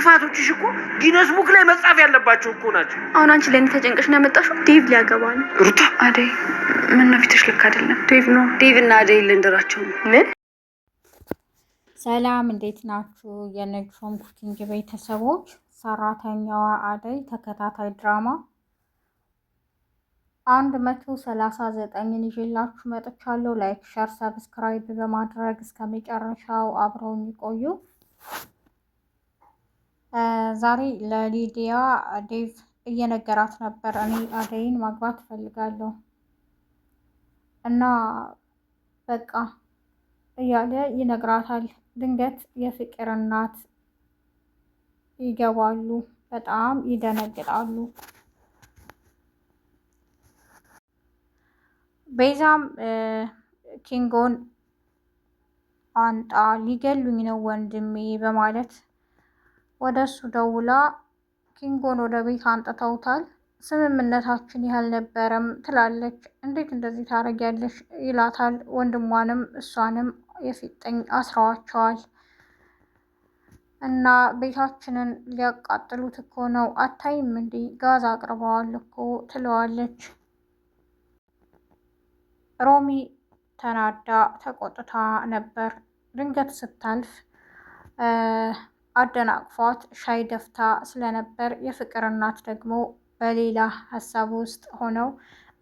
ክፋቶችሽ እኮ ጊነስ ቡክ ላይ መጻፍ ያለባቸው እኮ ናቸው። አሁን አንቺ ለእኔ ተጨንቀሽ ነው ያመጣሽው። ዴቭ ሊያገባ ነው። ሩታ አደይ፣ ነው ፊትሽ ልክ አይደለም። ዴቭ ነው ዴቭ እና አደይ ልንድራቸው ነው። ምን ሰላም፣ እንዴት ናችሁ? የነግሾም ኩኪንግ ቤተሰቦች፣ ሰራተኛዋ አደይ ተከታታይ ድራማ አንድ መቶ ሰላሳ ዘጠኝን ይዤላችሁ መጥቻለሁ። ላይክ ሸር፣ ሰብስክራይብ በማድረግ እስከ መጨረሻው አብረውን ይቆዩ። ዛሬ ለሊዲያ ዴቭ እየነገራት ነበር። እኔ አደይን ማግባት እፈልጋለሁ እና በቃ እያለ ይነግራታል። ድንገት የፍቅር እናት ይገባሉ። በጣም ይደነግጣሉ። ቤዛም ኪንጎን አንጣ ሊገሉኝ ነው ወንድሜ በማለት ወደ እሱ ደውላ ኪንጎን ወደ ቤት አንጥተውታል። ስምምነታችን ያህል ነበረም ትላለች። እንዴት እንደዚህ ታደርጊያለሽ ይላታል። ወንድሟንም እሷንም የፊጥኝ አስረዋቸዋል እና ቤታችንን ሊያቃጥሉት እኮ ነው አታይም እንዲ ጋዝ አቅርበዋል እኮ ትለዋለች። ሮሚ ተናዳ ተቆጥታ ነበር። ድንገት ስታልፍ አደናቅፏት ሻይ ደፍታ ስለነበር የፍቅር እናት ደግሞ በሌላ ሀሳብ ውስጥ ሆነው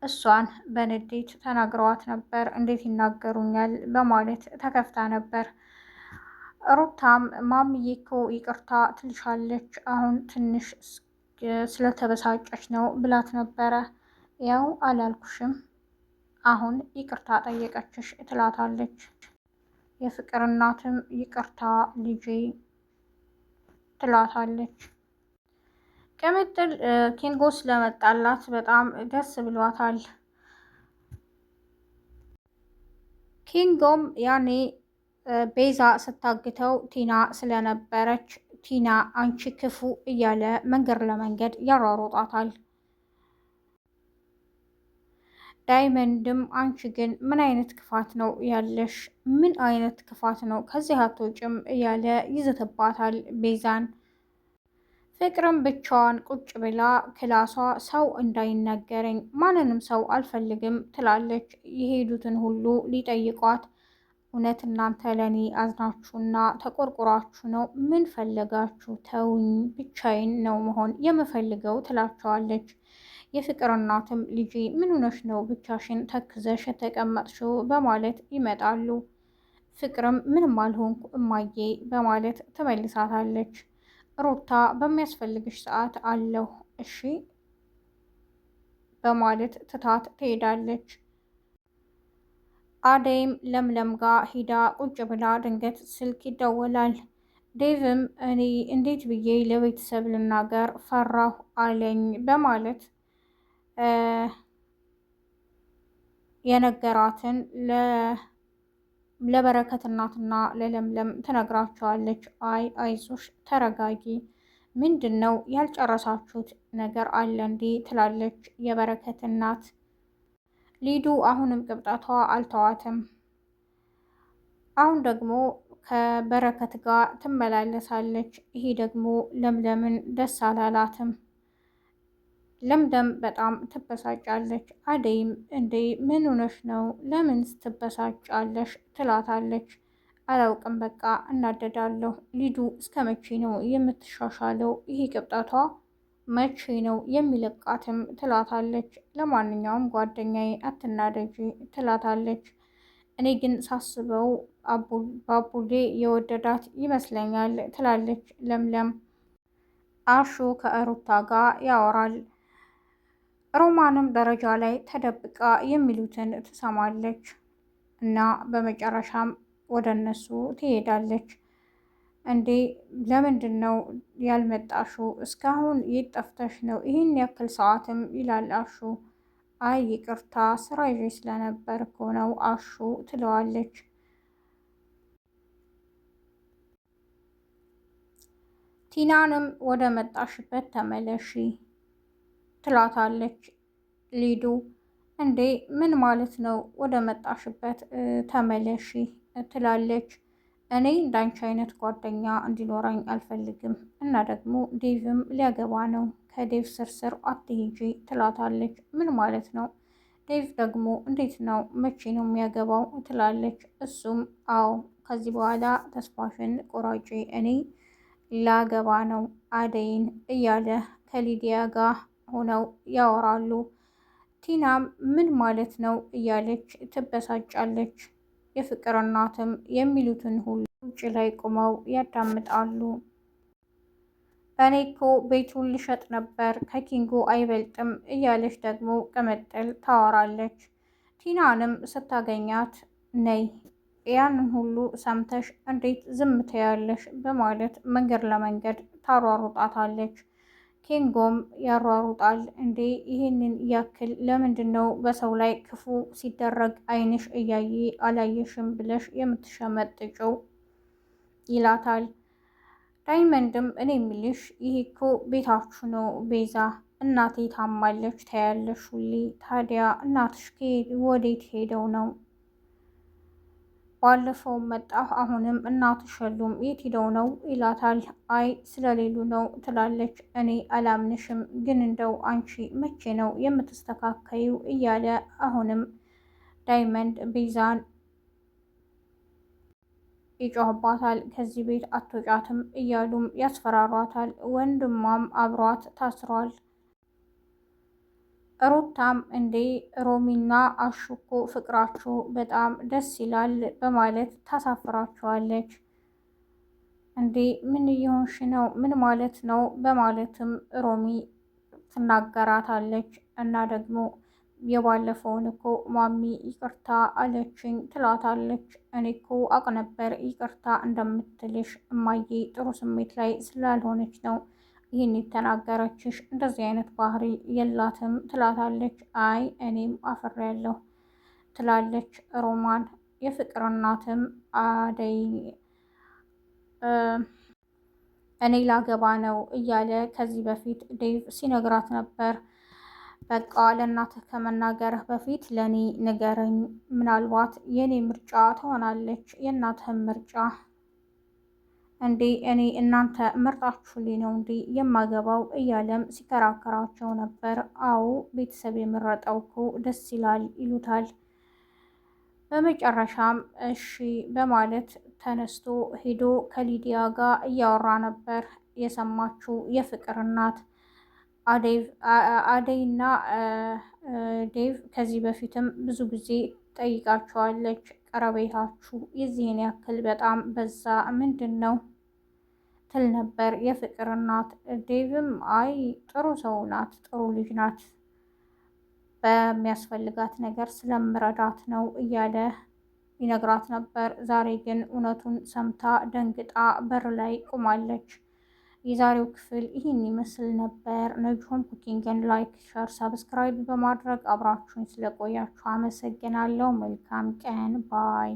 እሷን በንዴት ተናግረዋት ነበር። እንዴት ይናገሩኛል በማለት ተከፍታ ነበር። ሩታም ማምዬ እኮ ይቅርታ ትልሻለች፣ አሁን ትንሽ ስለተበሳጨች ነው ብላት ነበረ። ያው አላልኩሽም፣ አሁን ይቅርታ ጠየቀችሽ ትላታለች። የፍቅር እናትም ይቅርታ ልጄ ትላታለች። ቅምጥል ኪንጎ ስለመጣላት በጣም ደስ ብሏታል። ኪንጎም ያኔ ቤዛ ስታግተው ቲና ስለነበረች ቲና አንቺ ክፉ እያለ መንገድ ለመንገድ ያሯሮጣታል። ዳይመንድም አንቺ ግን ምን አይነት ክፋት ነው ያለሽ? ምን አይነት ክፋት ነው ከዚህ አትወጪም እያለ ይዘትባታል ቤዛን። ፍቅርም ብቻዋን ቁጭ ብላ ክላሷ ሰው እንዳይነገረኝ ማንንም ሰው አልፈልግም ትላለች። የሄዱትን ሁሉ ሊጠይቋት እውነት እናንተ ለእኔ አዝናችሁና ተቆርቁራችሁ ነው? ምን ፈለጋችሁ? ተውኝ፣ ብቻዬን ነው መሆን የምፈልገው ትላቸዋለች። የፍቅር እናትም ልጄ ምን ሆነሽ ነው ብቻሽን ተክዘሽ የተቀመጥሽው? በማለት ይመጣሉ። ፍቅርም ምንም አልሆንኩ እማዬ በማለት ትመልሳታለች። ሩታ በሚያስፈልግሽ ሰዓት አለሁ እሺ በማለት ትታት ትሄዳለች። አደይም ለምለም ጋር ሂዳ ቁጭ ብላ ድንገት ስልክ ይደወላል። ዴቭም እኔ እንዴት ብዬ ለቤተሰብ ልናገር ፈራሁ አለኝ በማለት የነገራትን ለ ለበረከት እናትና ለለምለም ትነግራቸዋለች። አይ አይዞሽ፣ ተረጋጊ፣ ምንድን ነው ያልጨረሳችሁት ነገር አለ እንዴ? ትላለች የበረከት እናት። ሊዱ አሁንም ቅብጠቷ አልተዋትም። አሁን ደግሞ ከበረከት ጋር ትመላለሳለች። ይሄ ደግሞ ለምለምን ደስ አላላትም። ለምለም በጣም ትበሳጫለች። አደይም እንዴ ምን ሆነሽ ነው? ለምንስ ትበሳጫለሽ? ትላታለች። አላውቅም በቃ እናደዳለሁ። ሊዱ እስከ መቼ ነው የምትሻሻለው? ይሄ ቅብጠቷ መቼ ነው የሚለቃትም? ትላታለች። ለማንኛውም ጓደኛዬ አትናደጂ ትላታለች። እኔ ግን ሳስበው ባቡሌ የወደዳት ይመስለኛል ትላለች ለምለም። አሹ ከእሩታ ጋር ያወራል። ሮማንም ደረጃ ላይ ተደብቃ የሚሉትን ትሰማለች እና በመጨረሻም ወደ እነሱ ትሄዳለች። እንዴ ለምንድን ነው ያልመጣሹ? እስካሁን የት ጠፍተሽ ነው? ይህን ያክል ሰዓትም ይላል አሹ። አይ ይቅርታ ስራ ይዤ ስለነበር እኮ ነው አሹ ትለዋለች። ቲናንም ወደ መጣሽበት ተመለሺ ትላታለች ሊዱ። እንዴ ምን ማለት ነው? ወደ መጣሽበት ተመለሺ ትላለች። እኔ እንዳንቺ አይነት ጓደኛ እንዲኖረኝ አልፈልግም እና ደግሞ ዴቭም ሊያገባ ነው፣ ከዴቭ ስርስር አትሂጂ ትላታለች። ምን ማለት ነው? ዴቭ ደግሞ እንዴት ነው መቼ ነው የሚያገባው? ትላለች። እሱም አዎ ከዚህ በኋላ ተስፋሽን ቆራጪ እኔ ላገባ ነው አደይን እያለ ከሊዲያ ጋር ሆነው ያወራሉ። ቲናም ምን ማለት ነው እያለች ትበሳጫለች። የፍቅር እናትም የሚሉትን ሁሉ ውጭ ላይ ቁመው ያዳምጣሉ። እኔ እኮ ቤቱን ልሸጥ ነበር ከኪንጎ አይበልጥም እያለች ደግሞ ቅምጥል ታወራለች። ቲናንም ስታገኛት ነይ ያንን ሁሉ ሰምተሽ እንዴት ዝም ትያለሽ በማለት መንገድ ለመንገድ ታሯሩጣታለች። ኬንጎም ያሯሩጣል እንዴ! ይህንን ያክል ለምንድን ነው በሰው ላይ ክፉ ሲደረግ አይንሽ እያየ አላየሽም ብለሽ የምትሸመጥጭው? ይላታል። ዳይመንድም እኔ የሚልሽ ይሄ እኮ ቤታችሁ ነው ቤዛ፣ እናቴ ታማለች ታያለሽ ሁሌ። ታዲያ እናትሽ ከሄድ ወዴት ሄደው ነው ባለፈው መጣሁ አሁንም እናቱ ሸሉም የት ሄደው ነው ይላታል። አይ ስለሌሉ ነው ትላለች። እኔ አላምንሽም፣ ግን እንደው አንቺ መቼ ነው የምትስተካከዩ? እያለ አሁንም ዳይመንድ ቤዛን ይጮህባታል። ከዚህ ቤት አትወጫትም እያሉም ያስፈራሯታል። ወንድሟም አብሯት ታስሯል። ሩታም እንዴ ሮሚና አሹኮ ፍቅራችሁ በጣም ደስ ይላል በማለት ታሳፍራችኋለች። እንዴ ምን እየሆንሽ ነው? ምን ማለት ነው? በማለትም ሮሚ ትናገራታለች። እና ደግሞ የባለፈውን እኮ ማሚ ይቅርታ አለችኝ ትላታለች። እኔ እኮ አቅ ነበር ይቅርታ እንደምትልሽ እማዬ ጥሩ ስሜት ላይ ስላልሆነች ነው ይህን የተናገረችሽ እንደዚህ አይነት ባህሪ የላትም ትላታለች። አይ እኔም አፍሬያለሁ ትላለች ሮማን። የፍቅር እናትም አደይ እኔ ላገባ ነው እያለ ከዚህ በፊት ዴቭ ሲነግራት ነበር። በቃ ለእናትህ ከመናገርህ በፊት ለእኔ ንገረኝ፣ ምናልባት የእኔ ምርጫ ትሆናለች የእናትህም ምርጫ እንዴ እኔ እናንተ መርጣችሁልኝ ነው እንዴ የማገባው እያለም ሲከራከራቸው ነበር። አዎ ቤተሰብ የምረጠው እኮ ደስ ይላል ይሉታል። በመጨረሻም እሺ በማለት ተነስቶ ሄዶ ከሊዲያ ጋር እያወራ ነበር። የሰማችው የፍቅር እናት አደይና ዴቭ ከዚህ በፊትም ብዙ ጊዜ ጠይቃቸዋለች። ቀረቤታችሁ የዚህን ያክል በጣም በዛ ምንድን ነው ትል ነበር የፍቅር እናት። ዴቭም አይ ጥሩ ሰው ናት፣ ጥሩ ልጅ ናት፣ በሚያስፈልጋት ነገር ስለምረዳት ነው እያለ ይነግራት ነበር። ዛሬ ግን እውነቱን ሰምታ ደንግጣ በር ላይ ቆማለች። የዛሬው ክፍል ይህን ይመስል ነበር። ነጅሆም ኩኪንግን ላይክ፣ ሸር፣ ሰብስክራይብ በማድረግ አብራችሁን ስለቆያችሁ አመሰግናለሁ። መልካም ቀን ባይ